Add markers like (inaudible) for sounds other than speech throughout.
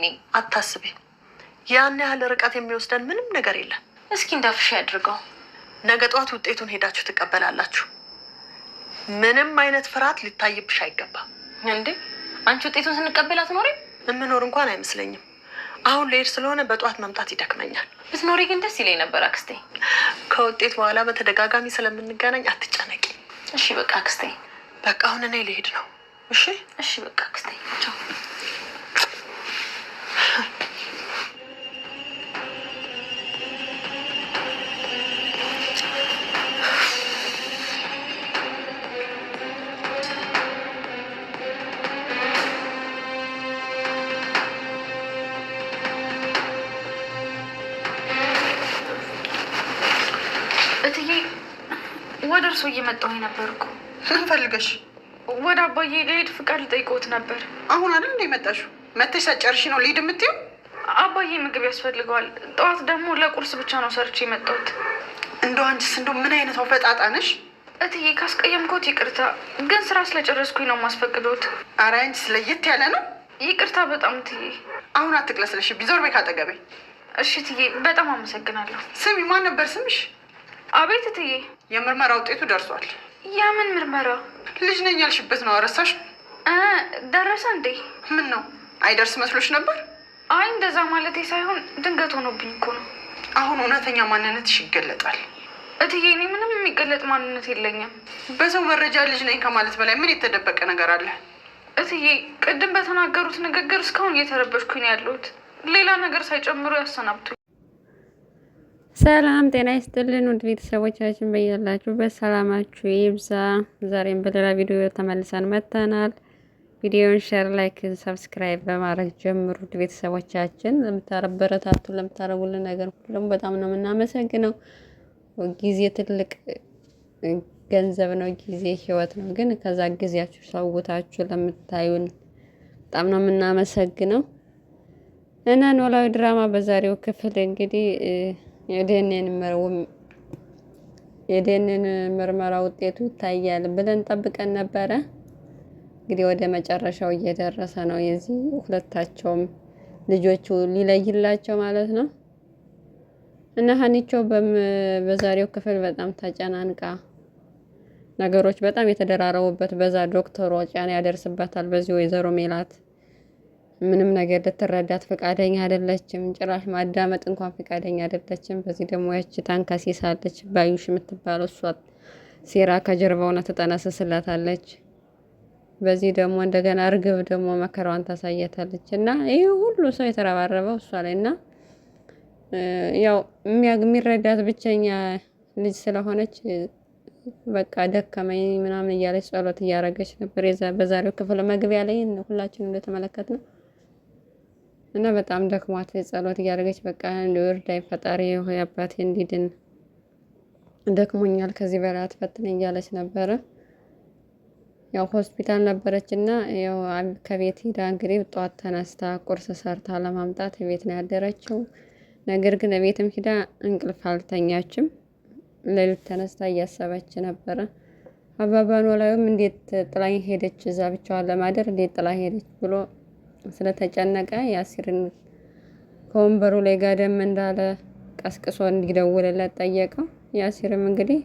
እኔ አታስቤ፣ ያን ያህል ርቀት የሚወስደን ምንም ነገር የለም። እስኪ እንዳፍሽ ያድርገው። ነገ ጠዋት ውጤቱን ሄዳችሁ ትቀበላላችሁ። ምንም አይነት ፍርሃት ሊታይብሽ አይገባም። እንዴ አንቺ ውጤቱን ስንቀበል አትኖሪም? የምኖር እንኳን አይመስለኝም። አሁን ልሄድ ስለሆነ በጠዋት መምጣት ይደክመኛል። ብትኖሪ ግን ደስ ይለኝ ነበር አክስቴ። ከውጤት በኋላ በተደጋጋሚ ስለምንገናኝ አትጨነቂ እሺ? በቃ አክስቴ፣ በቃ አሁን እኔ ልሄድ ነው። እሺ፣ እሺ፣ በቃ አክስቴ። ወደ እርሶ እየመጣሁ ነበርኩ። ምን ፈልገሽ? ወደ አባዬ ልሄድ ፍቃድ ልጠይቅዎት ነበር። አሁን አይደል እንደ መጣሽ? መተሽ ሳጨርሽ ነው ልሄድ የምትይው? አባዬ ምግብ ያስፈልገዋል። ጠዋት ደግሞ ለቁርስ ብቻ ነው ሰርቼ የመጣሁት። እንደው አንቺስ እንደው ምን አይነት ፈጣጣ ነሽ እትዬ። ካስቀየምኩት ይቅርታ፣ ግን ስራ ስለጨረስኩኝ ነው የማስፈቅዶት። ኧረ አንቺስ ለየት ያለ ነው። ይቅርታ በጣም እትዬ። አሁን አትቅለስለሽ፣ ቢዞር በይ ካጠገበኝ። እሺ እትዬ፣ በጣም አመሰግናለሁ። ስሚ፣ ማን ነበር ስምሽ? አቤት እትዬ፣ የምርመራ ውጤቱ ደርሷል። የምን ምርመራ? ልጅ ነኝ ያልሽበት ነው። አረሳሽ? ደረሰ እንዴ? ምን ነው አይደርስ መስሎች ነበር? አይ እንደዛ ማለቴ ሳይሆን ድንገት ሆኖብኝ እኮ ነው። አሁን እውነተኛ ማንነትሽ ይገለጣል እትዬ። እኔ ምንም የሚገለጥ ማንነት የለኝም። በሰው መረጃ ልጅ ነኝ ከማለት በላይ ምን የተደበቀ ነገር አለ እትዬ? ቅድም በተናገሩት ንግግር እስካሁን እየተረበሽኩኝ ያለሁት ሌላ ነገር ሳይጨምሩ ያሰናብቱ ሰላም ጤና ይስጥልን ውድ ቤተሰቦቻችን በያላችሁ በሰላማችሁ ይብዛ። ዛሬም በሌላ ቪዲዮ ተመልሰን መጥተናል። ቪዲዮን ሼር፣ ላይክ፣ ሰብስክራይብ በማድረግ ጀምሩ። ውድ ቤተሰቦቻችን ለምታበረታቱ ለምታረጉልን ነገር ሁሉም በጣም ነው የምናመሰግነው። ጊዜ ትልቅ ገንዘብ ነው፣ ጊዜ ህይወት ነው። ግን ከዛ ጊዜያችሁ ሰውታችሁ ለምታዩን በጣም ነው የምናመሰግነው እና ኖላዊ ድራማ በዛሬው ክፍል እንግዲህ የደንን ምርመራ ውጤቱ ይታያል ብለን ጠብቀን ነበረ። እንግዲህ ወደ መጨረሻው እየደረሰ ነው። የዚህ ሁለታቸውም ልጆቹ ሊለይላቸው ማለት ነው። እና ሀኒቾ በዛሬው ክፍል በጣም ተጨናንቃ ነገሮች በጣም የተደራረቡበት በዛ ዶክተሯ ጫና ያደርስበታል በዚህ ወይዘሮ ሜላት ምንም ነገር ልትረዳት ፈቃደኛ አይደለችም። ጭራሽ ማዳመጥ እንኳን ፈቃደኛ አይደለችም። በዚህ ደግሞ ያች ታንካሴ ባዩሽ የምትባለው እሷ ሴራ ከጀርባውና ትጠነስስላታለች። በዚህ ደግሞ እንደገና እርግብ ደግሞ መከራዋን ታሳየታለች። እና ይህ ሁሉ ሰው የተረባረበው እሷ ላይ እና ያው የሚረዳት ብቸኛ ልጅ ስለሆነች በቃ ደከመኝ ምናምን እያለች ጸሎት እያረገች ነበር። በዛሬው ክፍል መግቢያ ላይ ሁላችንም እንደተመለከት ነው። እና በጣም ደክሟት ጸሎት እያደረገች በቃ እንዲወርዳይ ፈጣሪ ሆይ አባቴ እንዲድን ደክሞኛል፣ ከዚህ በላይ አትፈትን እያለች ነበረ። ያው ሆስፒታል ነበረች እና ያው ከቤት ሂዳ እንግዲህ ጠዋት ተነስታ ቁርስ ሰርታ ለማምጣት ቤት ነው ያደረችው። ነገር ግን ቤትም ሂዳ እንቅልፍ አልተኛችም። ሌሊት ተነስታ እያሰበች ነበረ። አባባኖ ኖላዊም እንዴት ጥላኝ ሄደች፣ እዛ ብቻዋን ለማደር እንዴት ጥላ ሄደች ብሎ ስለተጨነቀ ያሲርን ከወንበሩ ላይ ጋደም እንዳለ ቀስቅሶ እንዲደውልለት ጠየቀው። ያሲርም እንግዲህ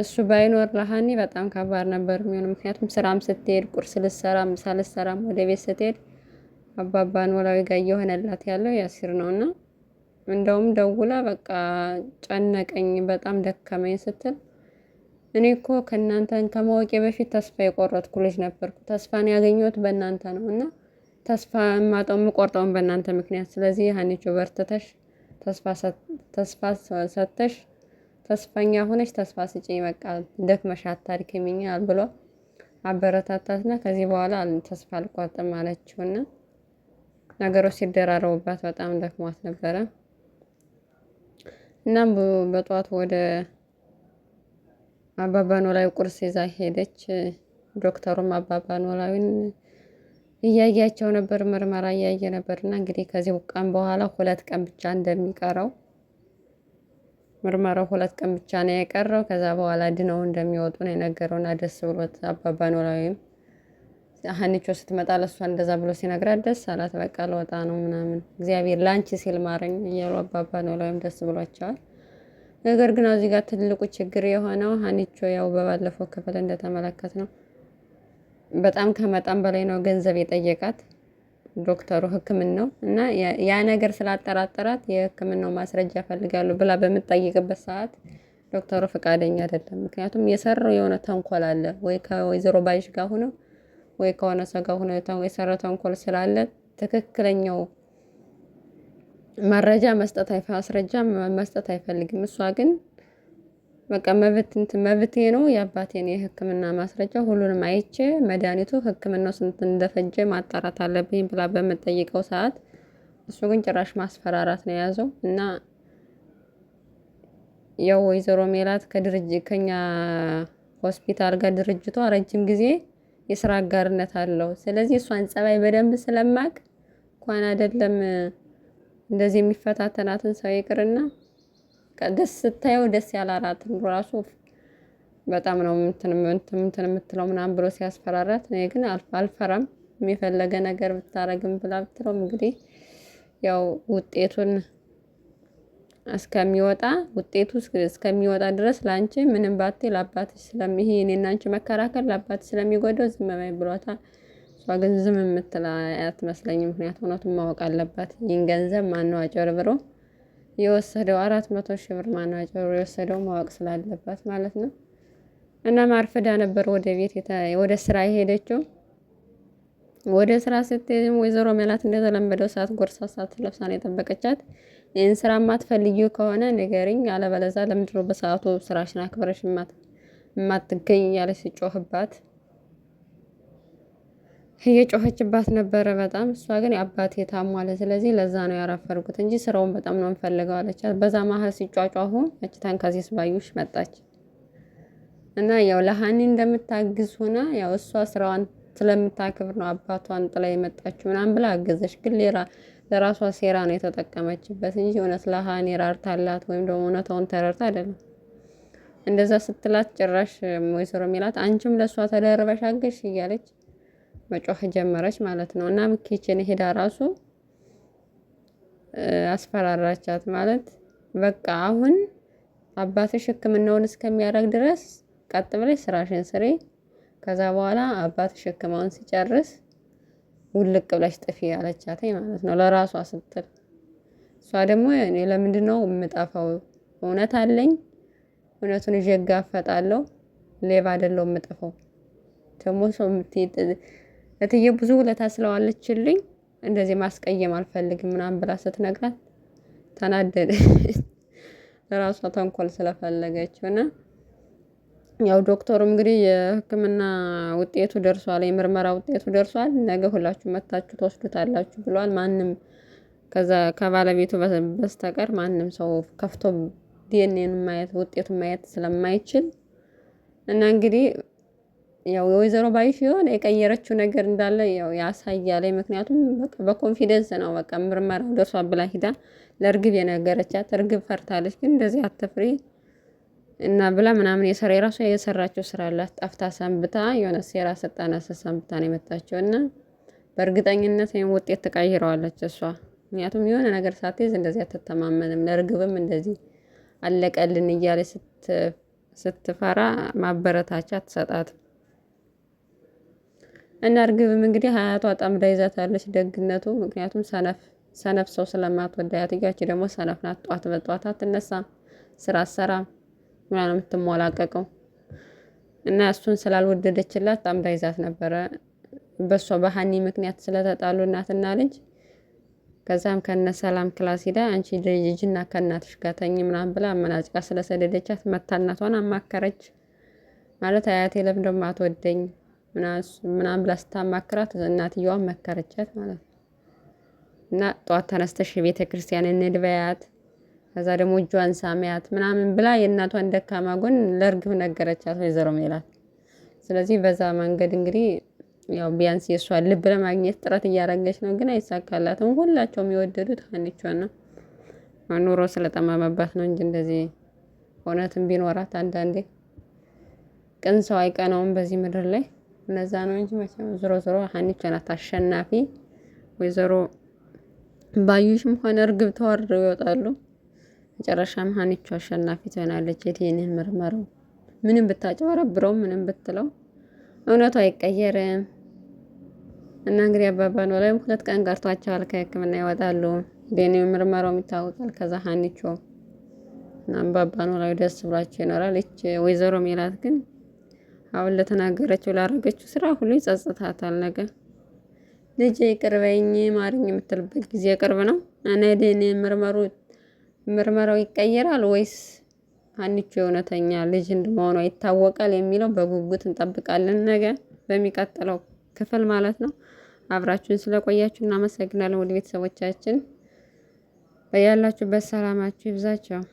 እሱ ባይኖር ለሀኒ በጣም ከባድ ነበር የሚሆን። ምክንያቱም ስራም ስትሄድ ቁርስ ልሰራ ምሳ ልሰራም ወደ ቤት ስትሄድ አባባ ኖላዊ ጋር እየሆነላት ያለው ያሲር ነው እና እንደውም ደውላ በቃ ጨነቀኝ፣ በጣም ደከመኝ ስትል እኔ እኮ ከእናንተን ከማወቄ በፊት ተስፋ የቆረጥኩ ልጅ ነበርኩ። ተስፋን ያገኘሁት በእናንተ ነው እና ተስፋ የማጣው የምቆርጠውን በእናንተ ምክንያት። ስለዚህ ሀኒቾ በርትተሽ ተስፋ ሰጥተሽ ተስፋኛ ሆነሽ ተስፋ ስጪ፣ በቃ ደክመሽ አታድክሚኝ ብሎ አበረታታትና ከዚህ በኋላ ተስፋ አልቆርጥም አለችውና ነገሮች ሲደራረቡባት በጣም ደክሟት ነበረ። እናም በጠዋት ወደ አባባ ኖላዊ ቁርስ ይዛ ሄደች። ዶክተሩም አባባ ኖላዊን እያያቸው ነበር፣ ምርመራ እያየ ነበር። እና እንግዲህ ከዚህ ቀን በኋላ ሁለት ቀን ብቻ እንደሚቀረው ምርመራው ሁለት ቀን ብቻ ነው የቀረው። ከዛ በኋላ ድነው እንደሚወጡ ነው የነገረውና ደስ ብሎት አባባ ኖላዊም ሀኒቾ ስትመጣ ለእሷ እንደዛ ብሎ ሲነግራት ደስ አላት። በቃ ለወጣ ነው ምናምን እግዚአብሔር ለአንቺ ሲል ማረኝ እያሉ አባባ ኖላዊም ደስ ብሏቸዋል። ነገር ግን እዚህ ጋር ትልቁ ችግር የሆነው ሀኒቾ ያው በባለፈው ክፍል እንደተመለከት ነው በጣም ከመጠን በላይ ነው ገንዘብ የጠየቃት ዶክተሩ ሕክምናው እና ያ ነገር ስላጠራጠራት የሕክምናው ማስረጃ ፈልጋሉ ብላ በምጠይቅበት ሰዓት ዶክተሩ ፈቃደኛ አይደለም። ምክንያቱም የሰራው የሆነ ተንኮል አለ ወይ ከወይዘሮ ባይሽ ጋር ሆነው ወይ ከሆነ ሰው ጋር ሆነው የሰራው ተንኮል ስላለ ትክክለኛው መረጃ መስጠት ማስረጃ መስጠት አይፈልግም። እሷ ግን በቃ መብት መብቴ ነው። የአባቴን የህክምና ማስረጃ ሁሉንም አይቼ መድኃኒቱ ህክምናው ስንት እንደፈጀ ማጣራት አለብኝ ብላ በምጠይቀው ሰዓት እሱ ግን ጭራሽ ማስፈራራት ነው የያዘው እና ያው ወይዘሮ ሜላት ከድርጅት ከኛ ሆስፒታል ጋር ድርጅቷ ረጅም ጊዜ የስራ አጋርነት አለው። ስለዚህ እሷን ጸባይ በደንብ ስለማቅ እንኳን አይደለም እንደዚህ የሚፈታተናትን ሰው ይቅርና ደስ ስታየው ደስ ያላራትን ራሱ በጣም ነው ምንትን የምትለው ምናምን ብሎ ሲያስፈራራት፣ እኔ ግን አልፈራም የፈለገ ነገር ብታረግም ብላ ብትለውም እንግዲህ ያው ውጤቱን እስከሚወጣ ውጤቱ እስከሚወጣ ድረስ ለአንቺ ምንም ባቴ ለአባትሽ ስለሚሄ እኔና አንቺ መከራከል ለአባትሽ ስለሚጎደው ዝም በይ ብሏታል። እሷ ግን ዝም የምትል አትመስለኝም። ምክንያቱም እውነቱን ማወቅ አለባት። ይህን ገንዘብ ማነው አጭበርብሮ የወሰደው አራት መቶ ሺህ ብር ማናጀሩ የወሰደው ማወቅ ስላለባት ማለት ነው። እናም አርፍዳ ነበር ወደ ቤት ወደ ስራ የሄደችው። ወደ ስራ ስትሄድም ወይዘሮ ሜላት እንደተለመደው ሰዓት ጎርሳ ሰዓት ለብሳ ነው የጠበቀቻት። ይህን ስራ ማትፈልጊ ከሆነ ንገሪኝ፣ አለበለዚያ ለምንድነው በሰዓቱ ስራሽን አክብረሽ ማትገኝ ያለች ሲጮህባት እየጮኸችባት ነበረ በጣም እሷ ግን አባቴ ታሟል፣ ስለዚህ ለዛ ነው ያረፈርኩት እንጂ ስራውን በጣም ነው እንፈልገው አለች። በዛ መሀል ሲጫጫሁ መችታን ከዚህ ባዩሽ መጣች እና ያው ለሀኒ እንደምታግዝ ሆና ያው እሷ ስራዋን ስለምታክብር ነው አባቷን ጥላ የመጣችው ምናምን ብላ አገዘች። ግን ሌላ ለራሷ ሴራ ነው የተጠቀመችበት እንጂ እውነት ለሀኒ ራርታላት ወይም ደግሞ እውነታውን ተረርታ አይደለም። እንደዛ ስትላት ጭራሽ ወይዘሮ ሚላት አንቺም ለእሷ ተደርበሽ አገሽ እያለች መጮህ ጀመረች ማለት ነው። እና ኪችን ሄዳ ራሱ አስፈራራቻት ማለት በቃ አሁን አባትሽ ሕክምናውን እስከሚያደርግ ድረስ ቀጥ ብለሽ ስራሽን ስሪ፣ ከዛ በኋላ አባትሽ ሕክምናውን ሲጨርስ ውልቅ ብለሽ ጥፊ ያለቻት ማለት ነው። ለራሷ ስትል እሷ ደግሞ እኔ ለምንድን ነው የምጠፋው? እውነት አለኝ፣ እውነቱን ይዤ እጋፈጣለሁ፣ ሌባ አይደለሁም የምጠፋው ደግሞ ሰው እትዬ ብዙ ውለታ ስለዋለችልኝ እንደዚህ ማስቀየም አልፈልግም ምናምን ብላ ስትነግራት ተናደደ። (laughs) ለራሷ ተንኮል ስለፈለገችው እና ያው ዶክተሩ እንግዲህ የሕክምና ውጤቱ ደርሷል፣ የምርመራ ውጤቱ ደርሷል፣ ነገ ሁላችሁ መታችሁ ትወስዱታላችሁ ብሏል። ማንም ከዛ ከባለቤቱ በስተቀር ማንም ሰው ከፍቶ ዲኤንኤን ማየት ውጤቱን ማየት ስለማይችል እና እንግዲህ ያው የወይዘሮ ባዩሽ የሆነ የቀየረችው ነገር እንዳለ ያው ያሳያል። ምክንያቱም በቃ በኮንፊደንስ ነው በቃ ምርመራው ደርሷ ብላ ሂዳ ለእርግብ የነገረቻት እርግብ ፈርታለች። ግን እንደዚህ አትፍሪ እና ብላ ምናምን የሰራ የራሷ የሰራቸው ስራ አላት። ጠፍታ ሰንብታ የሆነ ሴራ ስልጣና ሰንብታ ነው የመጣቸው እና በእርግጠኝነት ወይም ውጤት ተቀይረዋለች እሷ። ምክንያቱም የሆነ ነገር ሳትይዝ እንደዚህ አትተማመንም። ለእርግብም እንደዚህ አለቀልን እያለ ስትፈራ ማበረታቻ አትሰጣትም። እና እርግብም እንግዲህ አያቷ ጠምዳ ይዛታለች ደግነቱ። ምክንያቱም ሰነፍ ሰነፍ ሰው ስለማትወድ አያትያች ደግሞ ሰነፍ ናት። ጧት በጧት አትነሳም፣ ስራ አትሰራም፣ ምና ነው የምትሞላቀቀው። እና እሱን ስላልወደደችላት ጠምዳ ይዛት ነበረ። በእሷ በሀኒ ምክንያት ስለተጣሉ እናትና ልጅ ከዛም ከነ ሰላም ክላስ ሂዳ አንቺ ልጅና ከእናትሽ ጋር ተኝ ምናምን ብላ አመናጭቃ ስለሰደደቻት መታ እናቷን አማከረች። ማለት አያቴ ለምንድነው አትወደኝ ምናምን ብላ ስታማክራት እናትየዋን መከረቻት ማለት ነው። እና ጠዋት ተነስተሽ የቤተ ክርስቲያን እንድበያት ከዛ ደግሞ እጇን ሳሚያት ምናምን ብላ የእናቷን ደካማ ጎን ለእርግብ ነገረቻት ወይዘሮ ሜላት። ስለዚህ በዛ መንገድ እንግዲህ ያው ቢያንስ የእሷን ልብ ለማግኘት ጥረት እያደረገች ነው፣ ግን አይሳካላትም። ሁላቸውም የወደዱት ሀኒቿን ነው። ኑሮ ስለጠመመባት ነው እንጂ እንደዚህ እውነትም ቢኖራት አንዳንዴ ቅን ሰው አይቀናውም በዚህ ምድር ላይ። እነዛ ነው እንጂ መቼም ዞሮ ዞሮ ሀኒቾ ናት አሸናፊ። ወይዘሮ ባዩሽም ሆነ እርግብ ተዋርደው ይወጣሉ። መጨረሻም ሀኒቾ አሸናፊ ትሆናለች። የዲኤንኤ ምርመራው ምንም ብታጨበረብረው ምንም ብትለው እውነቱ አይቀየርም። እና እንግዲህ አባባ ኖላዊ ሁለት ቀን ቀርቷቸዋል። ከህክምና ይወጣሉ። ዲኤንኤ ምርመራው ይታወቃል። ከዛ ሀኒቾ እና አባባ ላይ ደስ ብሏቸው ይኖራል። ይች ወይዘሮ ሜላት ግን አሁን ለተናገረችው ላረገችው ስራ ሁሉ ይጸጽታታል። ነገ ልጄ ቅርበኝ ማርኝ የምትልበት ጊዜ ቅርብ ነው። አነድን ምርመራው ይቀየራል ወይስ አንቺ እውነተኛ ልጅ እንደመሆኗ ይታወቃል የሚለው በጉጉት እንጠብቃለን። ነገ በሚቀጥለው ክፍል ማለት ነው። አብራችሁን ስለቆያችሁ እናመሰግናለን። ወደ ቤተሰቦቻችን በያላችሁበት ሰላማችሁ ይብዛቸው።